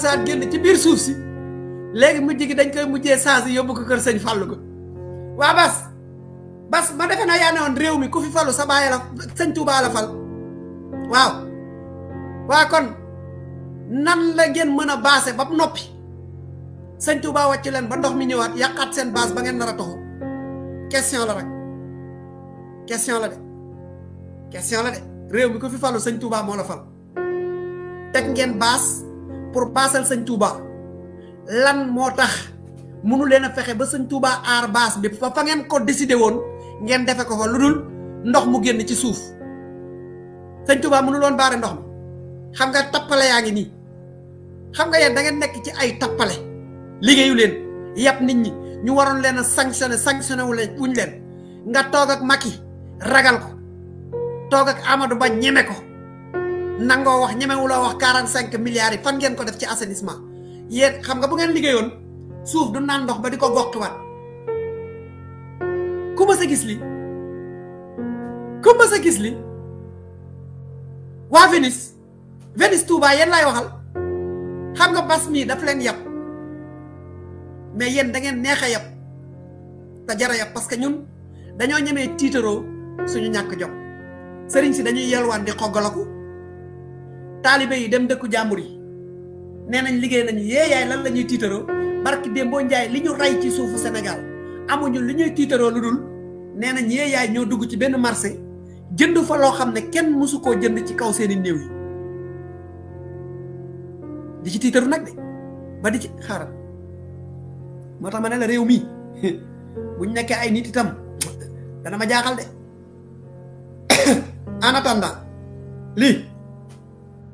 saat génn ci biir suuf si léegi mujj gi dañ koy mujjee saasi yóbbu ko kër sëñ fàllu ko waa bas bas ma defe naa yaa ne woon réew mi ku fi falu sa bàyyi la sëñ la fal waaw waa kon nan la ngeen mën a baase ba noppi sëñ tuubaa wàcc leen ba ndox mi ñëwaat yàqaat seen baas ba ngeen nar a toxu question la rek question la de question la de réew mi fi sëñ moo la fal teg ngeen baas pour passer Seigne Touba lan motax munu leena a ba Seigne Touba ar baas bi fa fa ngeen ko décider won ngeen défé ko fa lu ndox mu génn ci souf Seigne Touba munu loon baré ndox xam nga tapalé yaa ngi nii xam nga yeen da ngeen nek ci ay tapalé ligéyu leen yap nit ñi ñu waron leena sanctionné sanctionné wu leen buñ leen nga tok ak Macky ragal ko tok ak Amadou Ba ñeme ko nango wax la wax 45 milliards fan ngeen ko def ci assainissement yeen xam nga bu ngeen ligeyon suuf du nan ndox ba diko gokk wat ku ma sa gis li ku ma sa gis li wa venice venice Touba yeen lay waxal xam nga basmi daf leen yab mais yeen da ngeen neex yab jara yab parce que ñun dañoo ñemee tiitaroo suñu ñàkk jom sëriñ si dañuy yelwaan di xoggalaku taalibe yi dem dëkku jàmbur yi nee nañ liggéey nañu yee yaay lan la ñuy tiitaroo barki Dembo Ndiaye li ñu rey ci suufu Sénégal amuñu li ñuy tiitaroo lu dul nee nañ yee yaay ñoo dugg ci benn marché jënd fa loo xam ne kenn mësu koo jënd ci kaw seeni néew yi di ci tiitaru nag de ba di ci xaaral moo tax ma ne la réew mii buñ nekkee ay nit itam dana ma jaaxal de en attendant lii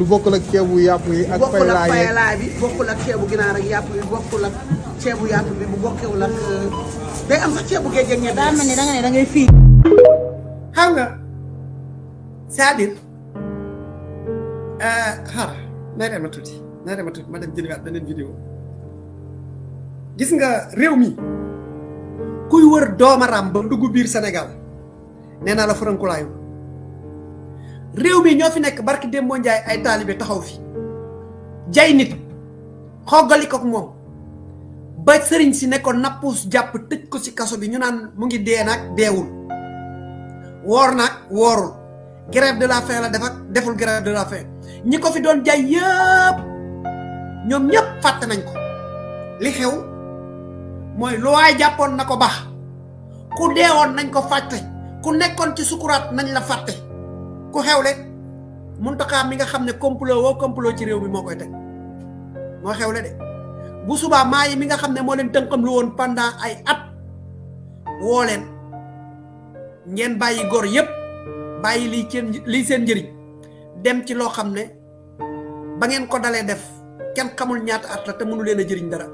lu bokul ak ceebu yàpp yi ak faylaay bi bokul ak ceebu ginaar ak yàpp yi bokkul ak ceebu yàpp bi bu bokew la euh, day am sax ceebu géej ak ñebe daa mel da nga ne da ngay fi xam nga cest euh ha na dem tuti na dem tuti ma dem wat benen vidéo gis nga réew mi kuy wër dooma ram ba dugg biir Sénégal nee la franco farankulaayum réew mi ñoo fi nekk barki démboo njaay ay taalibe taxaw fi jay nit xoggali ko moom ba sëriñ si ne ko nappuus jàpp tëj ko si kaso bi ñu naan mu ngi dee nag deewul woor nag woorul grève de la faim la def deful grève de la faim ñi ko fi doon jay yëpp ñoom ñëpp fàtte nañ ko li xew mooy lu waay jàppoon na ko ku deewoon nañ ko fàtte ku nekkoon ci sukuraat nañ la fàtte ku xewle Mountakha mi nga xam ne complot woo complot ci réew mi moo koy teg moo xewle de bu subaa maa mi nga xam ne moo leen tënkam lu woon pendant ay at woo leen ngeen bàyyi góor yépp bàyyi lii seen lii seen njëriñ dem ci loo xam ne ba ngeen ko dalee def kenn xamul ñaata at la te mënu leen a jëriñ dara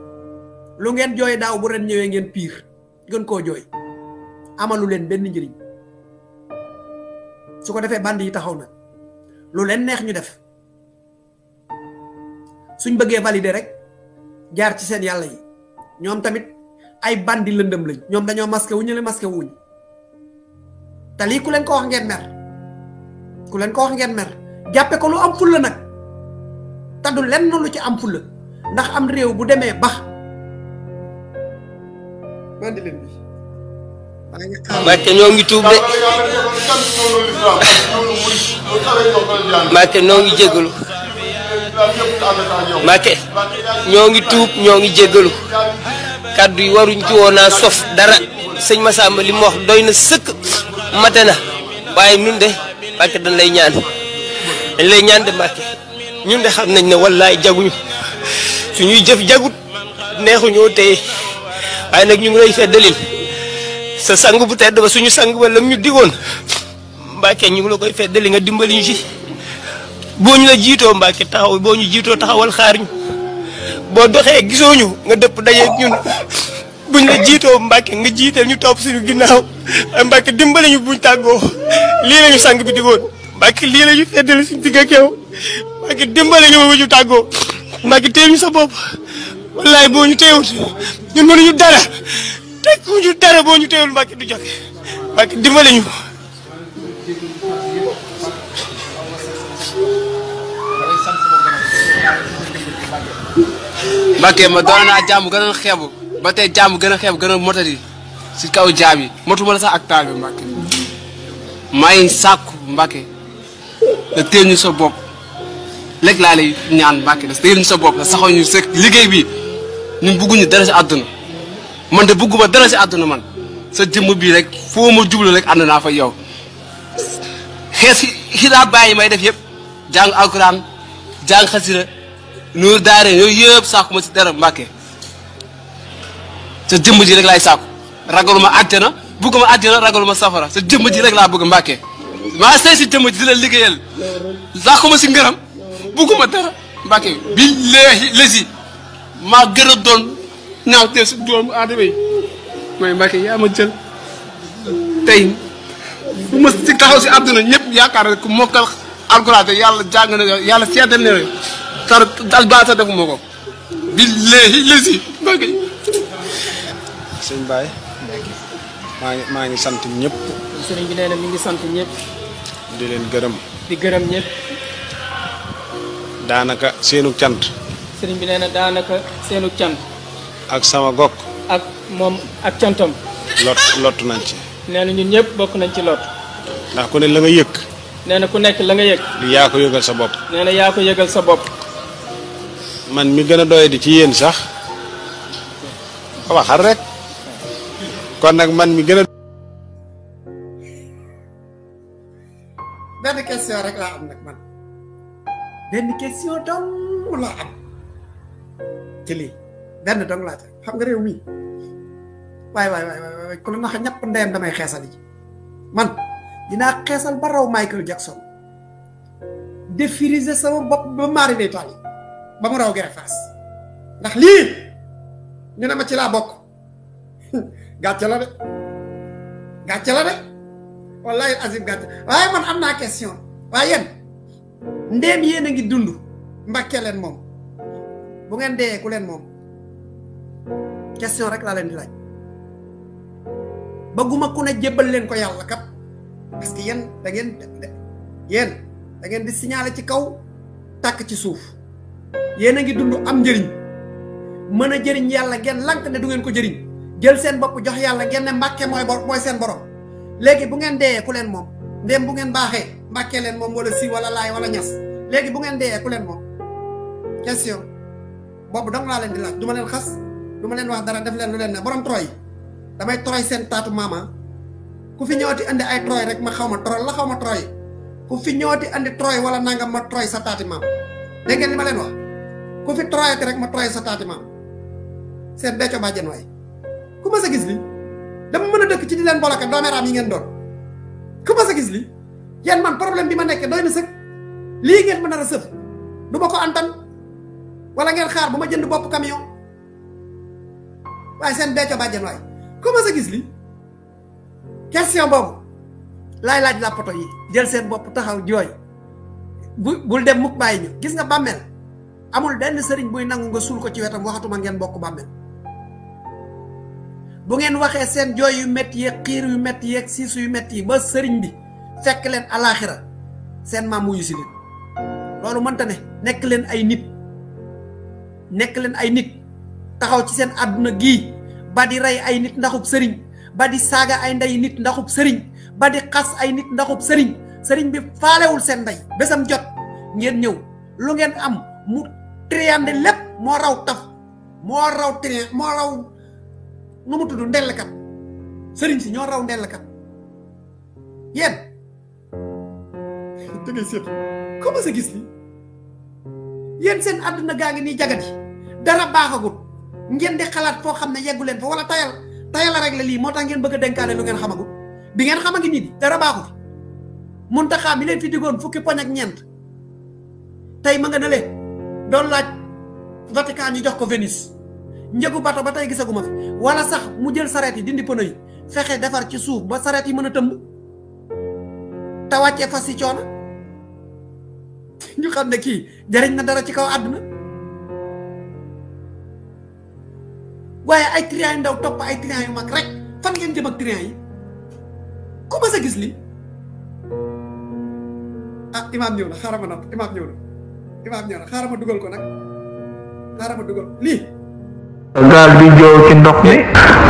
lu ngeen jooy daaw bu ren ñëwee ngeen piir gën koo jooy amalu leen benn njëriñ su ko defee band yi taxaw na lu leen neex ñu def suñ bëggee valider rek jaar ci seen yàlla yi ñoom tamit ay bandi lëndëm lañ ñoom dañoo masqué wuñu le masqué wuñ te lii ku leen ko wax ngeen mer ku leen ko wax ngeen mer jàppe ko lu am fulla nag te du lenn lu ci am fulla ndax am réew bu demee bax bandi leen bi Mbàkke ñoo ngi tuub de Mbàkke ñoo ngi jégalu Mbàkke ñoo ngi tuub ñoo ngi jégalu kàddu yi waruñ ci woon naa sof dara sëñ Massamba li mu doy na sëkk mate na waaye ñun de Mbàkke dañ lay ñaan dañ lay ñaan de Mbàkke ñun de xam nañ ne wallaay jaguñu ñuy jëf jagut neexuñoo téye waaye nag ñu ngi lay fee sa sang bu tedd ba suñu sang ba lam ñu digoon Mbacke ñu ngi la koy feddali nga dimbali ñu ci boo ñu la jiitoo Mbacke taxaw boo ñu jiitoo taxawal xaar ñu boo doxee gisoo ñu nga dëpp dajeeg ñun la jiitoo Mbacke nga jiiteel ñu topp suñu ginnaaw Mbacke dimbali ñu buñ tàggoo lii la ñu sang bi digoon Mbacke lii la ñu feddali suñu digg ak yow dimbali ñu buñu tàggoo Mbacke téye ñu sa bopp wallaay boo ñu téyewut ñun mënuñu dara. tekku ñu dara boo ñu teewul Mbàkke du joxe Mbàkke dimbale ñu Mbàkke ma doon naa jàmm gën a xeebu ba tey jàmm gën a xeebu gën a motali si kaw jaam yi motuma la sax ak taal bi Mbàkke maa ngi sàkku Mbàkke nga téel ñu sa bopp léegi laa lay ñaan Mbàkke nga téel ñu sa bopp nga saxoo ñu liggéey bi ñun bugguñu dara si àdduna man de bëgguma dara si àdduna man sa jëmm bii rek foo ma jublu rek ànd naa fa yow xees xi daa bàyyi may def yëpp jàng alquran jàng xasira nuur daare yooyu yëpp sàkku ma si dara mbàkke sa jëmm ji rek laay sàkku ragaluma àjjana bëgguma àjjana ragaluma safara sa jëmma ji rek laa bëgg mbàkke maa sey si jëmm ji di la liggéeyal sàkku ma si ngërëm bëgguma dara mbàkke bi gën a doon ñaaw teel si doomu aadama yi mooy Mbacke yaa ma jël tey bu ma si taxaw si àdduna ñëpp yaakaar ne ku mokkal alxuraan yàlla jàng na yàlla seetal na leen tar dal baata defuma ko. billaahi lesi Mbacke. sëñ maa ngi sant ñëpp. na mi ngi sant ñëpp. di leen gërëm. di gërëm seenu cant. sëriñ bi nee na daanaka seenu cant. ak sama gok ak mom ak ciantam lot lot nañ ci neena ñun ñepp bokk nañ ci lot ndax ku ne la nga yek neena ku nekk la nga yek du ya ko yegal sa bop neena ya ko yegal sa bop man mi gëna doy di ci yeen sax waxal rek kon nak man mi gëna ben question rek la am nak man ben question dong laa am ci li dan dong laa ca xam nga réew mii waay waay waay waay ku la naxa ñàpp damay yi man dina xeesal ba raw Michael Jackson défiriser sama bop ba mari ne tali ba mo raw gere faas ndax li ñu na ma ci la bok gàcce la de gàcce la de wallahi azim gàcce waaye man amna question waaye yéen ndem yéen ngi dundu mbakelen mom bu ngeen deyee ku len mom question rek la len di laaj ba guma ku ne jébbal len ko yalla kat parce que yen da ngeen yen da ngeen di signaler ci kaw tak ci souf yen a ngi dund am njëriñ meuna a jëriñ yàlla ngeen lank ne du ngeen ko jëriñ jël seen bop jox yalla gen ne mbàkke moy bor moy seen borom léegi bu ngeen deeyee ku len mom dem bu ngeen baxé mbàkkee len mom wala si wala lay wala ñass léegi bu ngeen deeyee ku len mom question boobu dang la len di laaj duma len xass luma len wax dara def len lu len ne borom troy damay troy sen tatu mama ku fi ñëwati andi ay troy rek ma xawma troy la xawma troy ku fi ñëwati andi troy wala nangam ma troy sa tatu mama dégg ngeen lima len wax ku fi troy rek ma troy sa taati maam seen becco jeen way ku ma sa gis li dama mën dëkk ci di bolaka do meram yi ngeen do ku ma sa gis li yeen man problème bi ma nekk doyna sa li ngeen mën a rësëf du ko antan wala ngeen xaar buma jënd bop camion waaye sen becco bàjjen waay comment ça gis li question boobu laay laaj la poto yi jël seen bopp taxaw jooy bu bul dem mukk bàyyi ñu gis nga bàmmeel amul benn sëriñ buy nangu nga suul ko ci wetam waxatuma ngeen bokk bàmmeel bu ngeen waxee seen jooy yu métti yeeg xiir yu métti yeeg siisu yu métti yi ba sëriñ bi fekk leen ay nit ay nit taxaw ci sen aduna gi ba di ray ay nit ndaxub serign ba di saga ay sering, nit ndaxub serign ba di xas ay nit ndaxub serign serign bi faalewul seen nday besam jot ngeen ñew lu ngeen am mu triande lepp mo raw taf mo raw trian mo raw nu mu ndel kat serign si ñoo raw ndellkat yéen da ngay seet comment sa gis li yeen seen aduna gaangi ni jagati dara baaxagut ngeen di xalaat foo xam ne yeggu leen fa wala tayal tayal rek la lii moo tax ngeen bëgg a lu ngeen xamagu bi ngeen xama ngi nii dara baaxu fi mun taxaa mi leen fi digoon fukki poñ ak ñeent tey ma nga ne doon laaj Vatican ñu jox ko venice njëgu bato ba tey gisaguma fi wala sax mu jël sareet dindi pono yi fexe defar ci suuf ba sareet yi mën a tëmb te wàccee fas ngadara coono ñu xam ne kii na dara ci kaw àdduna waaye ay trian yu ndaw topp ay mag rek fan ngeen jëm ak trian ku ma sa gis li ah imaam ñëw na dugal ko nag xaaral dugal lii gaal bi joow ci ndox mi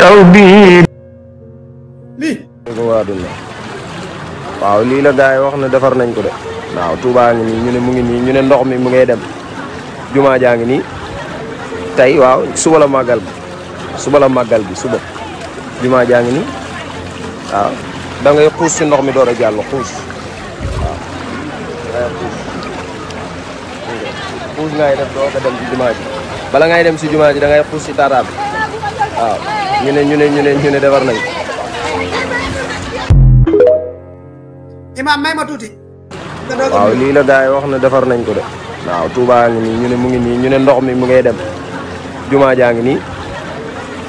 taw bi lii waaw lii la gars yi wax na defar nañ ko de waaw Touba ngi nii ñu ne mu ngi nii ñu ne ndox mi mu ngay dem jumaa jaa ngi nii tey waaw suba la bi suba la magal bi suba juma jang ni nii waaw da ngay xuus si ndox mi doora jall jàll xuus waaw ngay def do ko dem ci juma ji bala ngay dem ci juma ji da ngay xuus si taataa bi waaw ñu ne ñu ne ñu ne ñu ne defar nañ imam may ma tuuti waaw li la gars wax na defar nañ ko de waaw Touba ngi nii ñu ne mu ngi ni ñu ne ndox mi mu ngay dem juma jang ni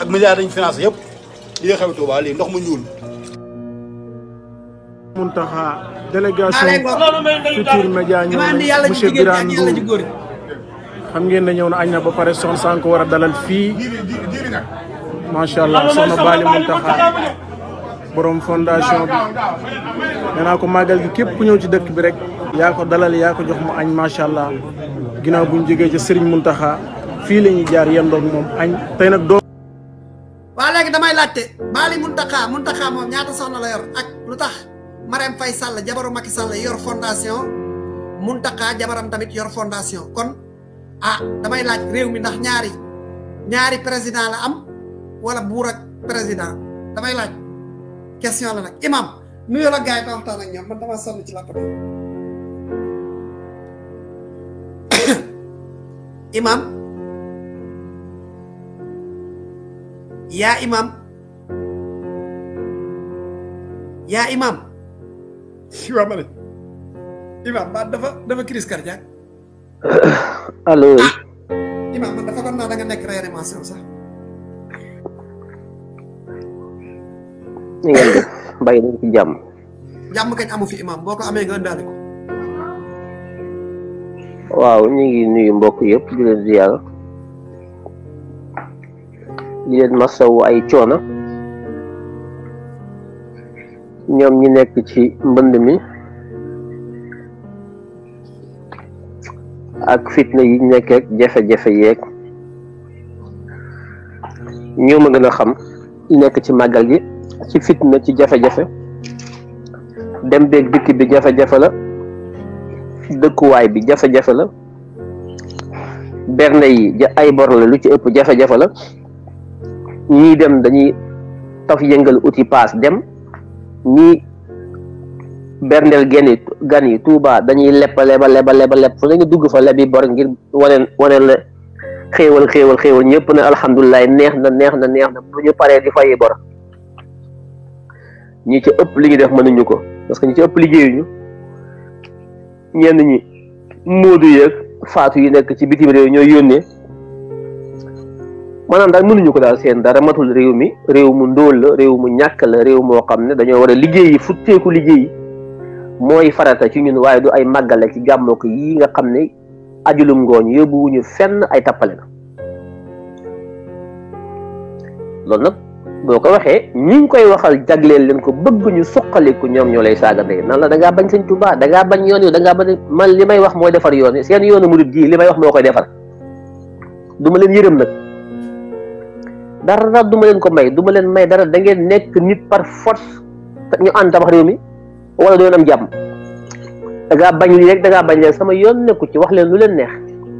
ak milliards dañu financé yëpp li xew Touba ndox mu ñuul. Mountakha délégation Futurs Médias ñëw xam ngeen ne ñëw na añ na ba pare son sànq war a dalal fii macha allah soxna Bali Mountakha borom fondation bi nee ko màggal gi képp ku ñëw ci dëkk bi rek. yaa ko dalal yaa ko jox mu añ macha allah ginnaaw bu ñu jógee ca Serigne Mountakha fii la ñuy jaar yendoog moom añ tey nag léegi damay laajte Bali muntaka muntaka mom ñaata soxna la yor ak lu tax Marème Faye Sall jabaru Macky Sall yor fondation muntaka jabaram tamit yor fondation kon ah damay laaj rew mi ndax ñaari ñaari président la am wala burek ak président damay laaj question la nak imam nuyo la gars yi ba waxtaan ak ñom man dama sonu ci imam Ya Imam. Ya Imam. Siapa ma Imam ba dafa dafa crise cardiaque. allo. Ya. ah Imam man dafa ah. kan naa da nga nekk réanimation sax. ni ngeen def jam. Jam ci kamu fi Imam bawa ko amee nga ëndaale ko. waaw ñu ngi nuyu mbokk iya, di leen masawu ay coono ñoom ñi nekk ci mbënd mi ak fitna yi nekkeek jafe-jafe yeeg ñoo ma gën a xam nekk ci màggal gi ci fitna ci jafe-jafe dem beeg dikk bi jafe-jafe la dëkkuwaay bi jafe-jafe la berne yi ay bor la lu ci ëpp jafe-jafe la ñii dem dañuy taf yëngal uti paas dem ñii berndeel genn gan yi tuuba dañuy lepp leba leba leba lepp fu nañu dugg fa lebi bor ngir waneen waneen la xéewal xéewal xéewal ñëpp ne alhamdulilah neex na neex na neex na bu ñu paree di fayi bor ñi ci ëpp li ñu def mënuñu ko parce que ñi ci ëpp liggéeyuñu ñenn ñi moodu yeeg faatu yi nekk ci bitim réew ñooy yónnee maanaam daal mënuñu ko daal seen dara matul réew mi réew mu ndóol la réew mu ñàkk la réew moo xam ne dañoo war a liggéeyi futteeku liggéey mooy farata ci ñun waaye du ay màggale ci gàmmoo ko yii nga xam ne ajulum ngooñ yóbbuwuñu fenn ay tappale la loolu nag boo ko waxee ñi ngi koy waxal jagleel leen ko bëgg ñu suqaliku ñoom ñoo lay saaga ndey nan la da bañ sëñ Tuubaa da bañ yoon yi da ngaa bañ man li may wax mooy defar yoon yi seen yoonu murid gii li may wax moo koy defar leen yërëm nag dara duma len ko may duma len may dara da ngeen nek nit par force ñu ànd tabax rew mi wala doon am jàmm da nga bañ li rek da nga bañ rek sama yoon neeku ci wax leen lu leen neex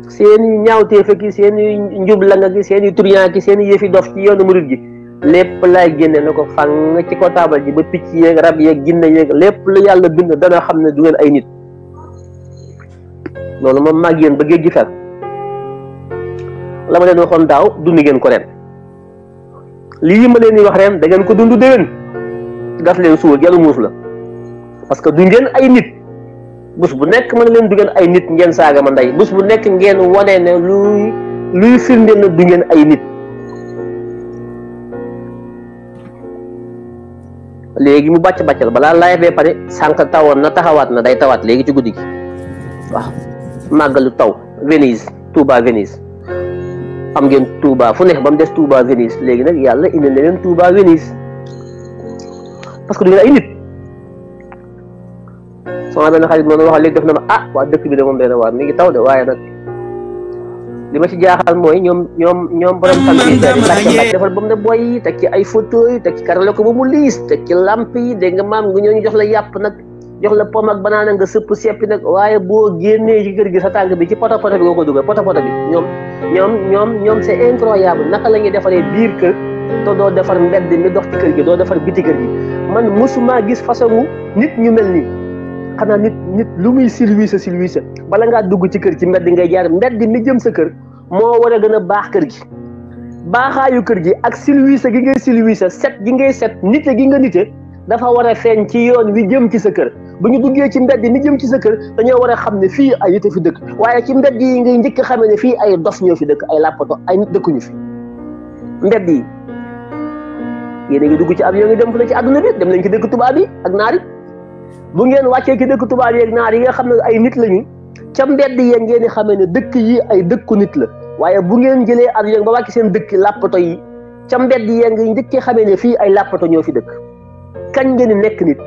seen ñaawte fe ki seen i njub la nga gi seen i turiyan ki seen i dof ci yoonu murid gi lepp lay génne nako fang ci ko tabal ji ba picci yeek rab yeek ginne yeek lepp lu yalla bind dana na ne du ngeen ay nit loolu mom yeen ba gi fekk la ma leen waxoon ngeen ko ren lii ma leen di wax ren da ngeen ko dund déwén gas leen suul genn muus la parce que du ngeen ay nit bés bu nekk ma ne leen du ngeen ay nit ngeen saaga ma ndey bés bu nekk ngeen wane ne luy luy firndeel na du ngeen ay nit léegi mu bàcc bàccal balaa laaj bee pare sànq tawoon na taxawaat na day tawaat léegi ci guddi gi waaw màggalu taw Venise Touba Venise am ngeen Touba fu nekk bam mu des Touba Venise léegi nak yalla indi na leen Touba Venise parce que du ngeen ay nit sama ben xarit noonu wax léegi def na ah wa dekk bi de moom day waar mi ngi taw de waye nak lima ci jaaxal moy ñom ñom ñom borom xam ci defal bam ne boy teg ci ay photo yi ci karale ko bu mu liste teg ci lampe yi de nga maam nga ñu jox la yap nak jox la pomme ak banaan nga sëpp seppi nak waye bo genné ci kër gi sa tang bi ci poto poto bi nga ko dugal poto poto bi ñom ñom ñom ñom c'est incroyable naka la ngay défaré biir kër to do défar mbedd mi dox ci kër gi do défar biti kër gi man musuma gis façon nit ñu melni xana nit nit lu muy silwisa silwisa bala nga dugg ci kër ci mbedd ngay jaar mbedd mi jëm sa kër mo wara gëna baax kër gi baaxaayu kër gi ak silwisa gi ngay silwisa set gi ngay set nité gi nga nité dafa war a feeñ ci yoon wi jëm ci sa kër bu ñu duggee ci mbedd mi jëm ci sa kër dañoo war a xam ne fii ay yëte fi dëkk waaye ci mbedd yi ngay njëkk xamee ne fii ay dof ñoo fi dëkk ay làppato ay nit dëkkuñu fi mbedd yi yéen a ngi dugg ci avion yi dem fa ne ci àdduna bi dem nañ ci dëkk tubaab bi ak naar yi bu ngeen wàccee ci dëkk tubaab yi ak naar yi nga xam ne ay nit lañu ca mbedd yi ngeen xamee ne dëkk yi ay dëkku nit la waaye bu ngeen jëlee avion ba wàcc seen dëkk làppato yi ca mbedd yi ngay njëkkee xamee ne fii ay làppato ñoo fi dëkk kañ ngeen di nekk nit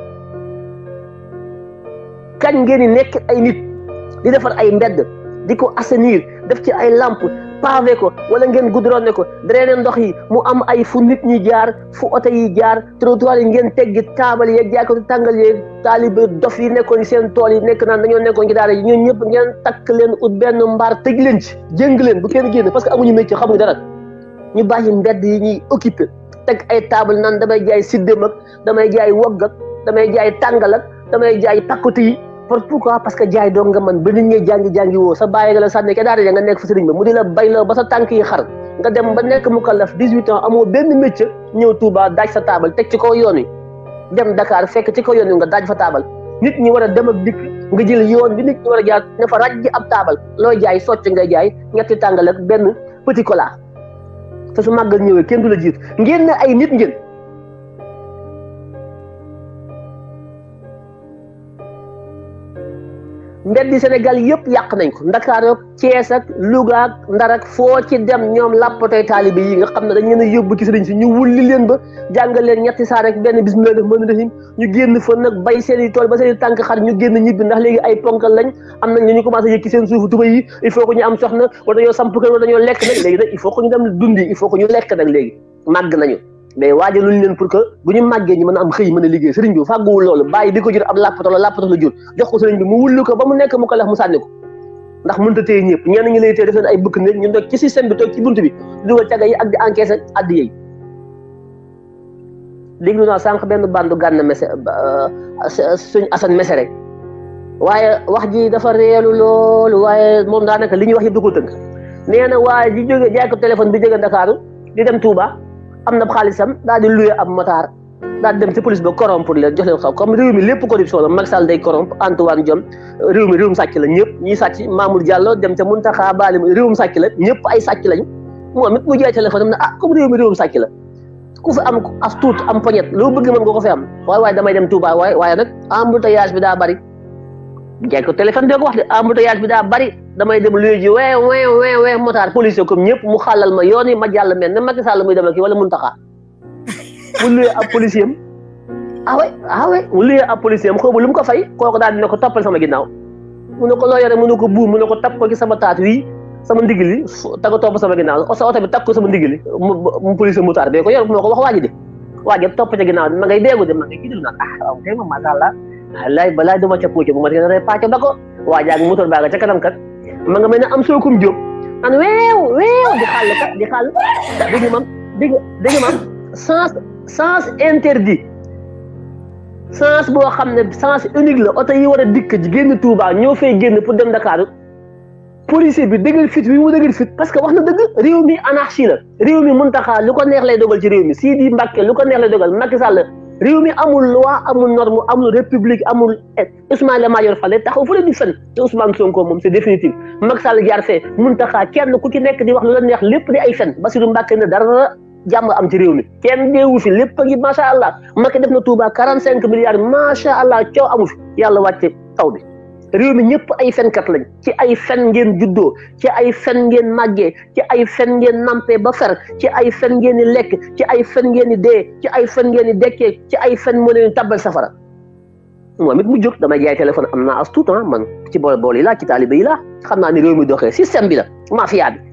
kañ ngeen di nekk ay nit di defar ay mbedd di ko assainir def ci ay làmp pavé ko wala ngeen ne ko drainer ndox yi mu am ay fu nit ñi jaar fu oto yi jaar trottoir yi ngeen teggi taabal yeeg jaaykatu tàngal yeeg taalibe dof yi nekkoon seen tool yi nekk naan dañoo nekkoon ci daara yi ñun ñëpp ngeen takk leen ut benn mbaar tëj leen ci jëng leen bu kenn génn parce que amuñu métier xamuñu dara ñu bàyyi mbedd yi ñuy occupé teg ay table nan damay jaay siddem ak damay jaay wogg ak damay jaay tàngal ak damay jaay pakkatu yi pour pourquoi parce que jaay doon nga man ba nit ñi jàngi-jàngi woo sa bàyyi nga la sànni ke daara ja nga nekk fa sëriñ ba mu ba sa tànk yi xar nga dem ba nekk mu kallaf dix-huit ans amoo benn métier ñëw Touba daaj sa taabal teg ci kaw yoon wi dem Dakar fekk ci kaw yoon yi nga daaj fa taabal nit ñi war a dem ak dikk nga jël yoon bi nit ñi war a jaar ne fa raj ji ab taabal looy jaay socc ngay jaay ñetti tàngal ak te su màggal ñëwee kenn du la jiitu ngeen ne ay nit ngeen mbeddi Sénégal yëpp yàq nañ ko Ndakaar ak Thiès ak Louga ak Ndar foo ci dem ñoom làppatooy taalibe yi nga xam ne dañ leen yóbbu ci sëriñ si ñu wulli leen ba jàngal leen ñetti saar rek benn ñu génn fa nag bay seen i ba seen i tànk xar ñu génn ndax léegi ay ponkal lañ am nañ ñu commencé yëkki seen suufu tuba yi il faut que ñu am soxna wala dañoo samp kër wala lekk nag léegi nag il faut que ñu dem dundi il faut que ñu lekk nag léegi màgg nañu day waajalul len pour que bu ñu màggee ñi mën am xey mëna a liggéey sëriñ bi fagu loolu bàyyi di ko jur ab làppato la làppato la jur jox ko sëriñ bi mu wullu ko ba mu nekk mu ko lex mu sanniko ndax mën ta tey ñepp ñen ñi lay tey def ay bëkk néeg ñu nekk ci système bi tok ci buntu bi dugal caga yi ak di encaissé add yey déglu na sank benn bandu gànn mese euh, suñu asan mese rek waye wax ji dafa reelu lool waye mom da naka liñu wax yi duggu ko neena waye ji joge jaay ko téléphone bi jóge Ndakaaru di dem Touba am na xaalisam daal di loué ab motaar daal di dem ci police ba corrompre leen jox leen xaw comme réew mi lépp corruption la Macky Sall day corrompre Antoine Diome réew mi sàcc la ñëpp ñi sàcc Mamour Diallo dem ca Mountakha Bali la ñëpp ay sàcc lañ moom it mu jaay téléphone am ne ah comme réew mi réewum sàcc la ku fi am as am poñet loo bëgg mën nga ko fi am waaye waaye damay dem Touba waaye waaye nag embouteillage bi daa bari jekko ko téléphone bi ko wax do embouteillage bi da bari damay dem luy ji we eh, wee eh, eh, wee wee motar police ko ñepp mu xalal ma yoon yi ma jall mel ne Macky Sall muy dem ak wala mun taxaa mu luy ap police yam ah ouais ah ouais mu luy ap police am xoobu lu mu ko fay kooku daal dina ko topal sama ginnaw mu ne ko lo yore mu ne ko bu mu ne ko tap ko ci sama taat wii sama ndigli taga top sama o sa auto bi tak ko sama ndigli mu police motaar be ko yor ya, mu ko wax waji de waji top ci ginnaw ma ngay degu de ma ngay gidil na ah waaw kay ma macha allah laay balaa duma ca puucu bu ma tee pàcc ba ko waa jaag motoor baa nga ca kanam kat ma nga mel ne am sookum jóob an weew weew di xàll kat di xàll dégg boo xam ne sens unique la oto yi war a dikk ji génn Touba ñoo fay génn pour dem Dakar policier bi dëggal fit wi mu dëggal fit parce que wax na dëgg rew mi anarchie la réew mi Muntaxa lu ko neex lay dogal ci réew mi Sidi Mbacke lu ko neex lay dogal Macky Sall réew mi amul loi amul norme amul république amul Ismaïla Madior Fall taxaw fële di fen te Ousmane Sonko moom c'est définitif Macky Sall jaar fee Mountakha kenn ku ci nekk di wax lu la neex lépp di ay fen Bassirou Mbacké ne dara jàmm am ci réew mi kenn deewu fi lépp a ngi macha allah Macky def na Touba 45 milliards macha allah coow amu fi yàlla wàcce taw bi. réew mi ñëpp ay fenkat lañ ci ay fen ngeen juddoo ci ay fen ngeen màggee ci ay fen ngeen nampe ba fer ci ay fen ngeen di lekk ci ay fen ngeen di dee ci ay fen ngeen di dekkee ci ay fen moo leen safara moom it mu jóg damay jaay téléphone am naa as tuut ah, man ci bool bool yi laa ci taalibe yi laa xam naa ni réew mi doxee système bi la mafia bi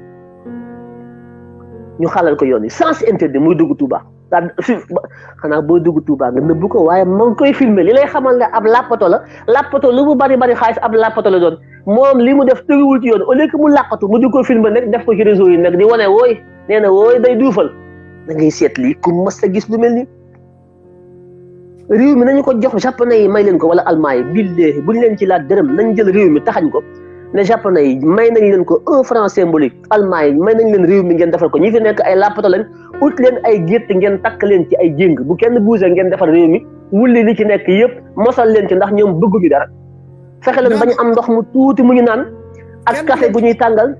ñu xalal ko yoon yi sens interdit muy dugg tuuba Touba fi xanaa boo dugg tuuba nga nëbb ko waaye ma ngi koy filmé li lay xamal ne ab làppato la làppato lu mu bari bari xaalis ab làppato la doon moom li mu def tëgguwul ci yoon au lieu que mu làqatu mu dugg ko filmé nag def ko ci réseau yi nag di wane wooy nee na wooy day duufal da ngay seet lii ku mas a gis lu mel ni réew mi nañu ko jox japonais yi may leen ko wala allemand yi billaahi buñ leen ci laaj dërëm nañ jël réew mi taxañ ko ne japonais yi may nañ leen ko un franc symbolique allemand yi may nañ leen réew mi ngeen defal ko ñi fi nekk ay làppato lañ ut leen ay gétt ngeen takk leen ci ay jéng bu kenn buuse ngeen defar réew mi wulli li ci nekk yëpp mosal leen ci ndax ñoom bëgguñu dara fexe leen bañu am ndox mu tuuti mu ñu naan ak café bu ñuy tàngal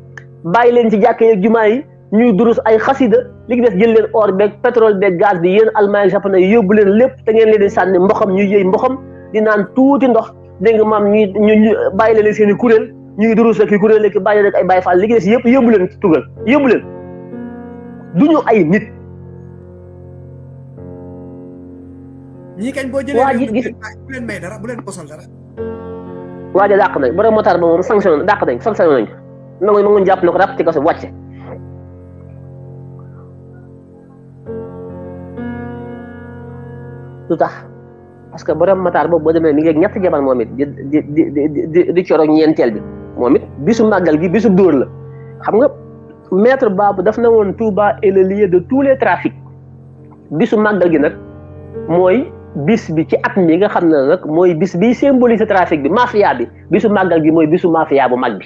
bàyyi leen ci jàkkee ak jumaa yi ñuy durus ay xasida li ci des jël leen or beeg pétrole beeg gaz bi yéen allemand ak japonais yi yóbbu leen lépp te ngeen leen di sànni mboxam ñuy yëy mboxam di naan tuuti ndox dégg nga maam ñuy ñu bàyyi leen seen kuréel ñu ngi durus ki kuréel ki bàyyi rek ay bàyyi faal li ci des yëpp yóbbu leen tugal yóbbu leen du ñu ay nit. ñii kañ boo jëlee waa ji gis bu leen may dara bu leen posal dara. dàq nañ borom motaar ba moom sanction dàq nañ sanction nañ ma nga jàpp na ko ràpp ci kaso wàcce. lu tax parce que borom mataar boobu boo demee ni ngi ñett jabar moom it di di di di di coro ñeenteel bi moom it bisu màggal gi bisu dóor la xam nga maître Babou daf na woon Touba est le lieu de tous les trafics bisu màggal gi nag mooy bis bi ci at mi nga xam ne nag mooy bis biy symboliser trafic bi mafia bi bisu màggal gi mooy bisu mafia bu mag bi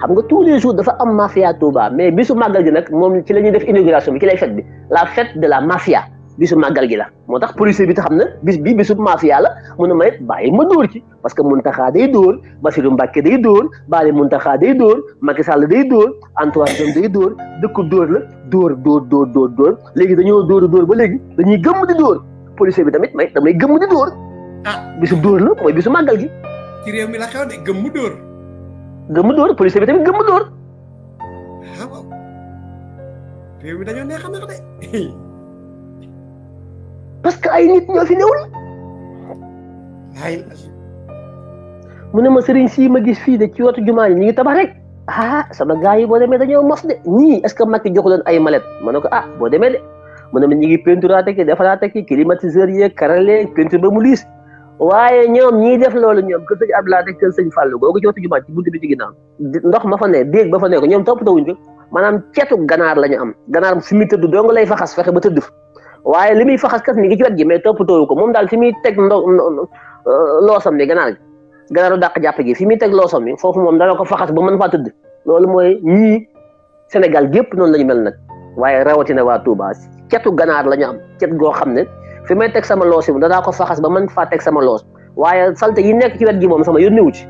xam nga tous les jours dafa am mafia Touba mais bisu màggal gi nag moom ci la ñuy def inauguration bi ci lay fête bi la fête de la mafia bisu magal gi la motax police bi te bis bi bisu mafia la mu ne ma it ma dóor ci parce que Muntaxa day dóor Basiru Mbàkke day dóor Baali Muntaxa day dóor Macky Sall day dóor Antoine dem day dóor dëkku dóor la dóor dóor dóor dóor dóor legui dañu dóor dóor ba legui dañuy gëm di dóor police bi tamit may damay gëm di dóor ah bisu dóor la moy bisu magal gi ci rew mi la xew de gëm dóor gëm dóor police bi tamit gëm dóor mi neex neex de parce que ay nit ñoo fi newul mu ne ma sëriñ si ma gis fii de ci wetu jumaa yi ngi tabax rek ah sama gars yi boo demee dañoo mos de ñii est ce que makki joxu leen ay malet ma ne ko ah boo demee de mu ne ma ñi ngi peinturaate ki defaraate ki climatiseur yeeg karale peinture ba mu liis waaye ñoom ñii def loolu ñoom kër sëñ Abdoulaye rek kër sëñ Fallou googu ci wetu jumaa ci buntu bi ci ginnaaw ndox ma fa ne déeg ba fa ne ko ñoom toppatawuñ ko maanaam ceetu ganaar la ñu am ganaar simmi tëdd dong lay faxas fexe ba tëdd fa waaye li muy faxas kas mi ngi ci wet gi mais toppatoowu ko moom daal fi muy teg ndo loosam bi ganaar gi ganaaru dàq jàpp gi fi muy teg loosam bi foofu moom dana ko faxas ba man faa tëdd loolu mooy ñii Sénégal gépp noonu la ñu mel nag waaye rawatina waa Touba cetu ganaar la am cet goo xam ne fi may teg sama loos yi danaa ko faxas ba mën faa teg sama loos waaye salte yi nekk ci wet gi moom sama yónnewu ci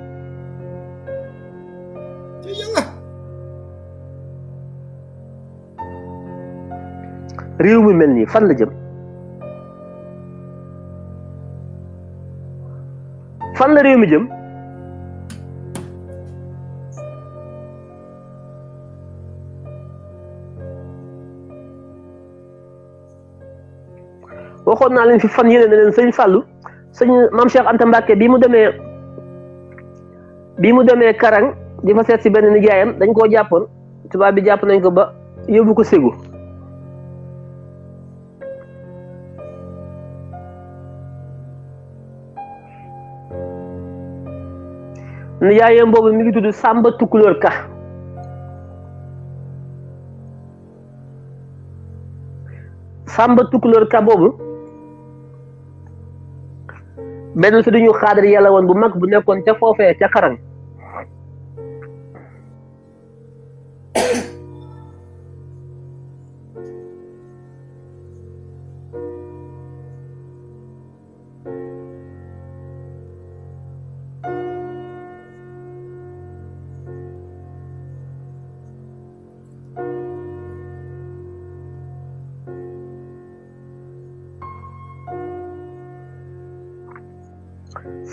réew mi mel nii fan la jëm fan la réew mi jëm waxoon naa leen fi fan yéene ne leen sëñ Fallou sëñ maam Cheikh Anta Mbacke bi mu demee bi mu demee Karang di fa seet si benn nijaayam dañ koo jàppoon tubaab bi jàpp nañ ko ba yóbbu ko Ségou. yaayam boobu mi ngi tudd Samba Tukulóor Ka Samba Tukulóor Ka boobu benn su duñu xaadar yàlla woon bu mag bu nekkoon ca foofee ca Karang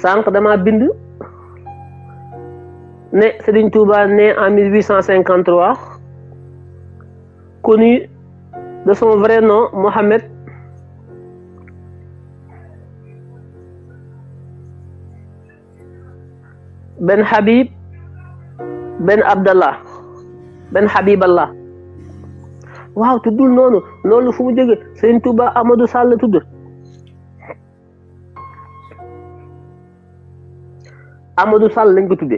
sànq dama bind ne Serigne Touba né en 1853 connu de son vrai nom Mohamed Ben Habib Ben Abdallah Ben Habib Habiballah waaw tuddul noonu loolu fu mu jóge Serigne Touba Amadou Sall tuddul. Amadou Sall lañ ko tuddé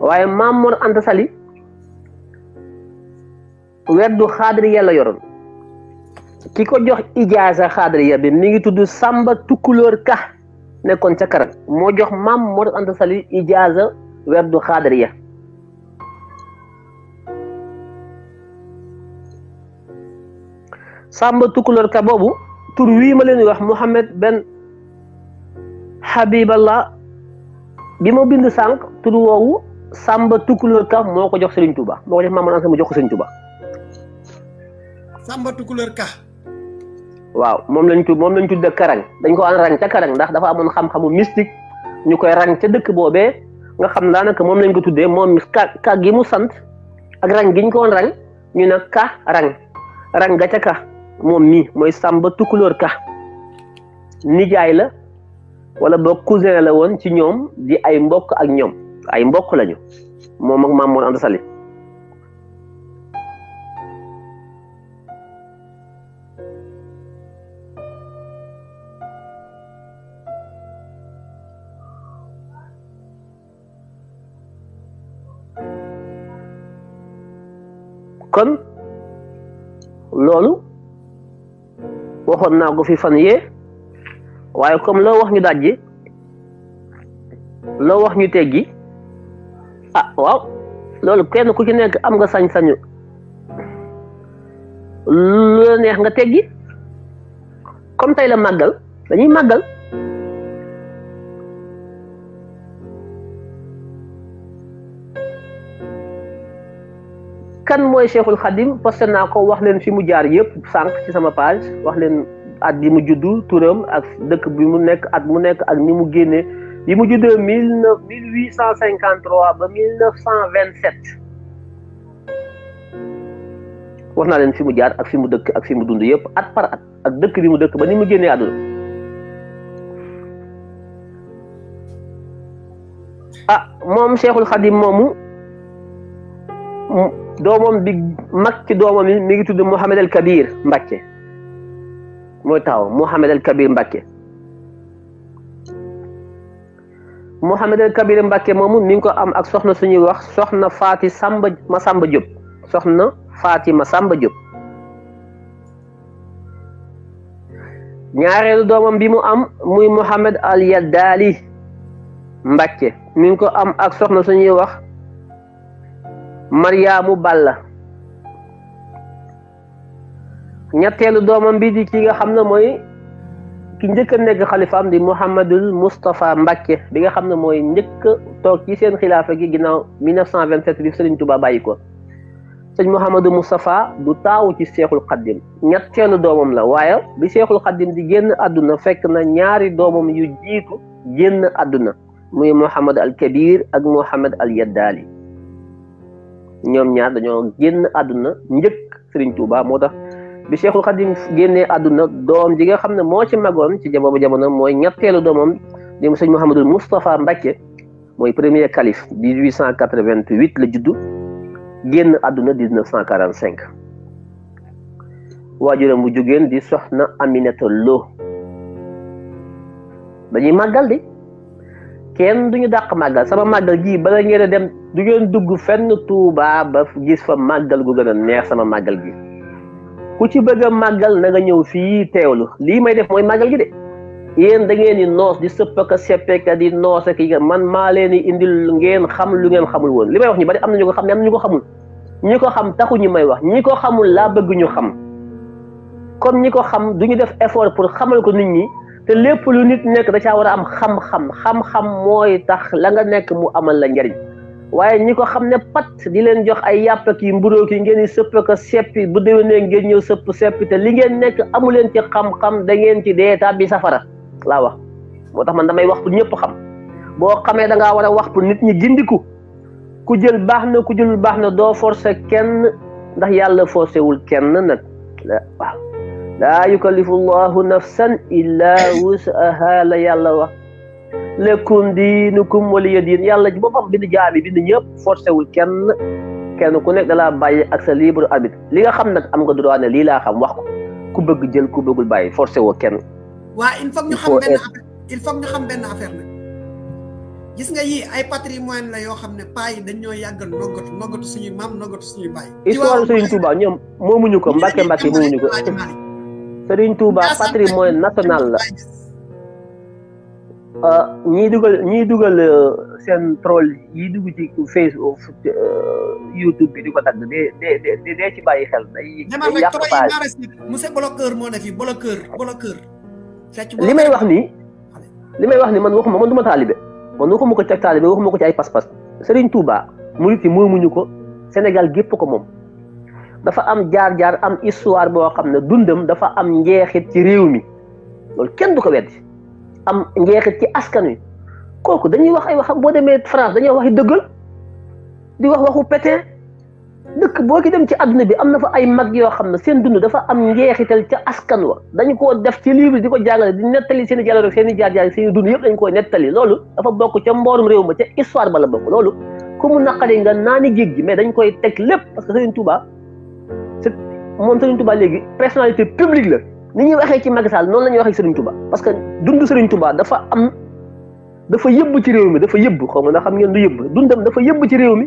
waye mamour Mor Anta Sali weddu khadri la yoron kiko jox ijaza ijaaza ya bi mi ngi tuddu Samba tukulor Ka kon ca karam mo jox mamour Mor Anta Sali ijaza weddu ya Samba tukulor Ka bobu tur wi ma len wax mohammed Ben. Habiballah bi bindu bind sànq tur Samba tukulur Ka moko jox Serigne Touba moko jox Mamadou Ansa jox Serigne Touba. Samba tukulur Ka. waaw mom lañ tud mom lañ de karang dañ ko an rang ca karang ndax dafa amone xam-xamu mystique ñukoy rang ca dekk bobé nga xam daanaka mom lañ ko tuddee mom ka gi mu sant ak rang giñ ko woon rang ñu ne ka rang rang ga ca ka mom ni moy Samba tukulur Ka nijaay la wala boog cousin la woon ci ñoom di ay mbokk ak ñoom ay mbokk lañu moom ak Maam Mor Anta kon loolu waxoon naa ko fi fan yee waaye comme loo wax ñu dajji loo wax ñu teggi ah waaw loolu kenn ku ci nekk am nga sañ-sañu lu neex nga teg teggi comme tey la màggal dañuy màggal kan mooy Cheikhul Khadim posté naa ko wax leen fi mu jaar yépp sànq ci sama page wax leen at yi mu juddu turam ak dëkk bi mu nekk at mu nekk ak ni mu génnee yi mu juddoo mille neuf mille huit cent cinquante trois ba cent vingt sept wax naa leen fi mu jaar ak fi mu dëkk ak fi mu dund yëpp at par at ak dëkk bi mu dëkk ba ni mu génne àdduna ah moom Cheikhul Khadim moomu doomam bi mag ci doomam yi mi ngi tudd Mouhamed El Kabir Mbacke moy taw mohammed al Kabir Mbacke Muhammad al Kabir Mbacke moomu ni ko am ak soxna suñu wax soxna Faati Samba samba Diop soxna Faati samba Diop ñaarel domam bi mu am muy Muhammad Al yadali Mbacke ni ko am ak soxna suñu wax Mariamu Balla ñetteelu doomam bi di ki nga xam ne mooy ki njëkk a nekk xalifaam di Mouhamadul Moustapha Mbacke bi nga xam ne mooy njëkk toog ci seen xilaafa gi ginnaaw 1927 bi Serigne Touba bàyyi ko sëñ Mouhamadou Moustapha du taawu ci Seexul Xaddim ñetteelu doomam la waaye bi Seexul Xaddim di génn àdduna fekk na ñaari doomam yu jiitu génn àdduna muy Mouhamad al Kabir ak Mouhamad al Yaddaali ñoom ñaar dañoo génn àdduna njëkk Serigne Touba moo tax. bi cheikhul xadim genné aduna dom ji nga xamné mo ci magon ci boobu jamono moy ñettelu domam di seigne Mouhamadul Mustafa Mbacke moy premier calife 1888 la juddu genn aduna 1945 waajuram bu jugen di soxna Aminata Lo dañuy magal di kenn duñu dakk magal sama màggal gii bala ngeen a dem du ngeen dugg fenn Touba ba gis fa magal gu gëna neex sama magal gi ku ci bëgg a màggal na nga ñëw fii teewlu lii may def mooy màggal gi de yéen da ngeen di noos di sëpp ak a seppeek di noos ak man maa leen di indil ngeen xam lu ngeen xamul woon li may wax ñu bari am na ñu ko xam ne am na ñu ko xamul ñi ko xam taxu ñu may wax ñi ko xamul laa bëgg ñu xam comme ñi ko xam du ñu def effort pour xamal ko nit ñi te lépp lu nit nekk da caa war a am xam-xam xam-xam mooy tax la nga nekk mu amal la njariñ waaye ñi ko xam ne pat di leen jox ay yàpp ak yi ngeen di sëpp ko seppi bu déwénee ngeen ñëw sëpp seppi te li ngeen nekk amu leen ci xam-xam da ngeen ci dee tàbbi safara laa wax moo tax man damay wax pour ñëpp xam boo xamee da ngaa war a wax pour nit ñi gindiku ku jël baax na ku jël baax na doo forcé kenn ndax yàlla forcé wul kenn nag waaw laa yukallifu llahu nafsan illa wusaha yàlla wax lekkum diinukum waliya diin yàlla ci boppam bind jaami bind ñëpp forcé wul kenn kenn ku nekk dalaa bàyyi ak sa libre arbitre li nga xam nag am nga droit ne lii laa xam wax ko ku bëgg jël ku bëggul bàyyi forcé woo kenn. waa il faut ñu xam benn affaire il gis nga yi ay patrimoine la yoo xam ne paa yi dañ ñoo yàgg noggatu maam noggatu suñuy baay. histoire Serigne Touba ñoom moomuñu ko Mbàkke Mbàkke moomuñu ko Serigne Touba patrimoine national la. ñiy dugal ñiy dugal seen troll yi dugg ci Facebook YouTube bi di ko tagg de de de dee ci bàyyi xel day. yàq page monsieur bloqueur moo ne fii bloqueur bloqueur. li may wax nii li may wax nii man waxuma man du ma taalibe man waxuma ko ci ak taalibe waxuma ko ci ay pas-pas Serigne Touba murit yi moomuñu ko Sénégal gépp ko moom dafa am jaar-jaar am histoire boo xam ne dundam dafa am njeexit ci réew mi loolu kenn du ko weddi am njeexit ci askan wi kooku dañuy wax ay wax boo demee France dañuy wax waxi dëggal di wax waxu pétin dëkk boo ki dem ci adduna bi am na fa ay mag yoo xam ne seen dund dafa am njeexital ca askan wa dañu koo def ci livre di ko jàngale di nettali seen i jàllale seen i jaar-jaar seen i dund yëpp dañ koy nettali loolu dafa bokk ca mboorum réew ma ca histoire ba la bokk loolu ku mu naqari nga naani géej gi mais dañ koy teg lépp parce que Serigne Touba c'est moom léegi personnalité publique la. ni ñuy waxee ci Macky Sall noonu la ñuy waxee Serigne Touba parce que dundu Serigne Touba dafa am dafa yëbb ci réew mi dafa yëbb xaw ma na xam ngeen du yëbb dundam dafa yëbb ci réew mi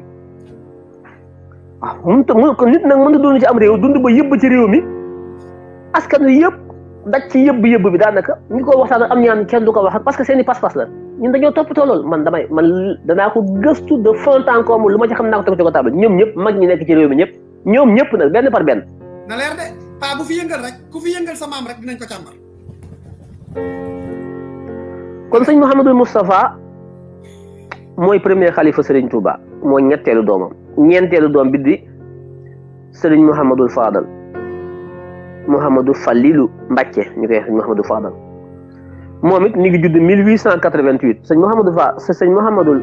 waaw mënut kon nit nag mënut a dund am réew dund ba yëbb ci réew mi askan wi yëpp daj ci yëbb yëbb bi ko waxtaan am ñaan kenn du ko wax parce que seen i pas-pas la ñun dañoo toppatoo loolu man damay man danaa ko lu ma xam naa ko teg ci ñoom ñëpp mag ñu nekk ci réew mi ñëpp ñoom ñëpp nag benn par benn. paa bu fi yëngal rek ku fi yëngal sa maam rek dinañ ko càmbar. kon sëñ Mouhamadul Moustapha mooy premier xalifa Serigne Touba mooy ñetteelu doomam ñeenteelu doom bi di Serigne Mouhamadul Fadal Mouhamadou Falilou Mbacke ñu koy wax sëñ Mouhamadou Fadal moom it mi ngi judd 1888 sëñ Mouhamadou Fa sëñ Mouhamadul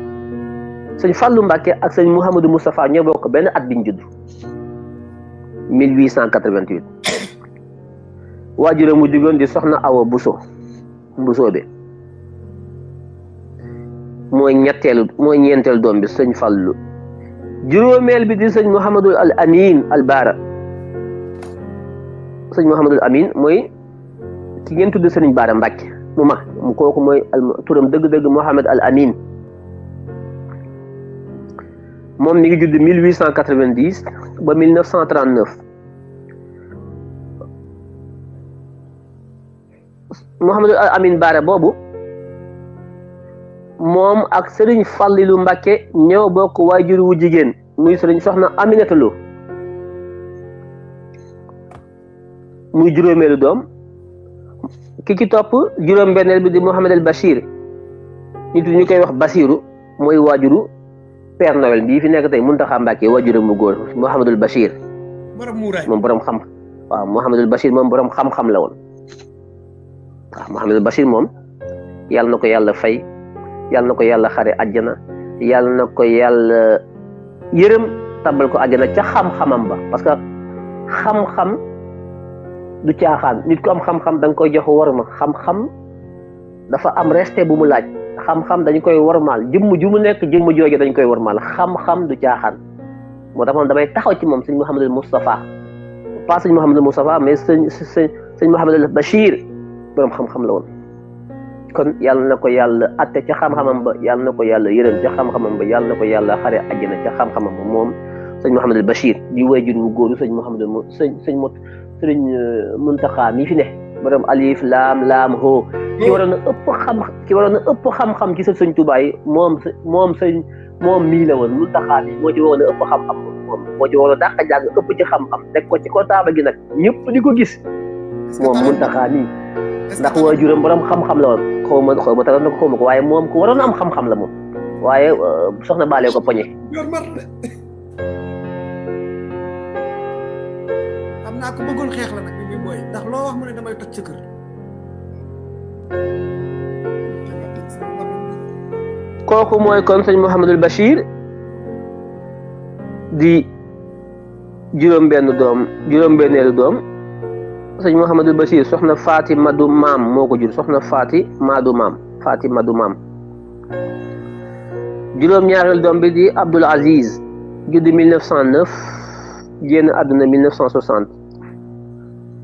ak sëñ Mouhamadou Moustapha ñoo bokk benn at biñ juddu 1888 waajure mu jigéen di soxna Awa Buso Buso bi mooy ñetteel mooy ñeenteel doom bi sëñ Fallu juróomeel bi di sëñ Mouhamadul al Amin al Baara sëñ Mouhamadul Amin mooy ki ngeen tudd sëriñ Baara Mbàkke mu ma mu kooku mooy turam dëgg-dëgg Mouhamad al Amin moom mi ngi judd 1890 ba 1939 Mouhamadou Amine Baare boobu moom ak Serigne Fallilou Mbacké ñëw bokk waajur wu jigéen muy Serigne Soxna Aminata Lo muy juróomeelu doom ki ci topp juróom-benneel bi di Mouhamed El Bachir nit ñu koy wax Basiru mooy waajuru. Père Noël bi fi nekk tey Mountakha Mbacké wajuram bu góor Mouhamadul Bachir moom borom xam waaw Mouhamadul bashir moom borom xam-xam la woon waaw Mouhamadul bashir moom yàlla na ko yàlla fay yàlla na ko yàlla xare àjjana yàlla na ko yàlla yërëm tabal ko àjjana ca xam-xamam ba parce que xam-xam du caaxaan nit ku am xam-xam da nga koy jox war xam-xam dafa am respect bu mu laaj xam-xam dañu koy warmaal jëmm ju mu nekk jëmm jooju dañu koy warmaal xam-xam du caaxaan moo tax man damay taxaw ci moom sëñ Mouhamadul Moustapha pas sëñ Mouhamadul Moustapha mais sëñ sëñ sëñ Mouhamadul Bachir borom xam-xam la woon kon yàlla na ko yàlla atte ca xam-xamam ba yàlla na ko yàlla yërëm ca xam-xamam ba yàlla na ko yàlla xare àjjana ca xam-xamam ba moom sëñ Mouhamadul Bachir di wayjur wu góoru sëñ Mouhamadul mu sëñ sëñ Mount sëñ Muntaxa mi fi ne borom alif laam laam ho ki waroon a ëpp xam ki waroon a ëpp xam-xam ci sa sëñ Tuubaa yi moom moom moom mii la woon lu taxaat yi moo ci waroon a ëpp xam-xam moom moo a dàq jàng ëpp ci xam-xam teg ko ko gis moom mun taxaa nii ndax waajuram borom xam la woon xaw ma na ko ko waaye moom ku waroon a am xam-xam la moom waaye euh, soxna baalee ko poñe kooku mooy kon sëñ Mouhamadul Bachir di juróom benn doom juróom benneelu doom sëñ Mouhamadul Bachir soxna Faati Madu Maam moo soxna Faati Madu Maam Faati Madu Maam juróom ñaareelu doom bi di Abdoul Aziz judd 1909 génn àdduna 1960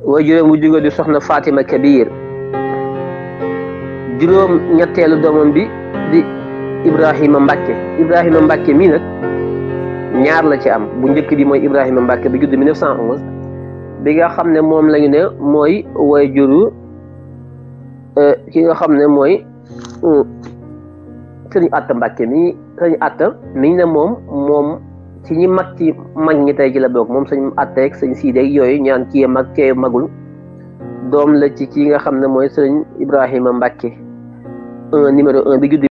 waaye juróom bu jóge di soxna Fatima Kabir juróom ñetteelu doomam bi di Ibrahima Mbacke Ibrahima Mbacke mii nag ñaar la ci am bu njëkk bi mooy Ibrahima Mbacke bi judd 1911 bi nga xam ne moom lañu ne mooy way juru euh, ki nga xam ne mooy euh, sëriñ Atta Mbacke mi sëriñ Atta mi ne moom moom ci ñi mag ci mag ñi tey ji la moom sëñ Atta sëñ Siide yooyu ñaan kii mag magul doom la ci nga xam ne mooy sëriñ Ibrahima Mbacke. un numéro un bi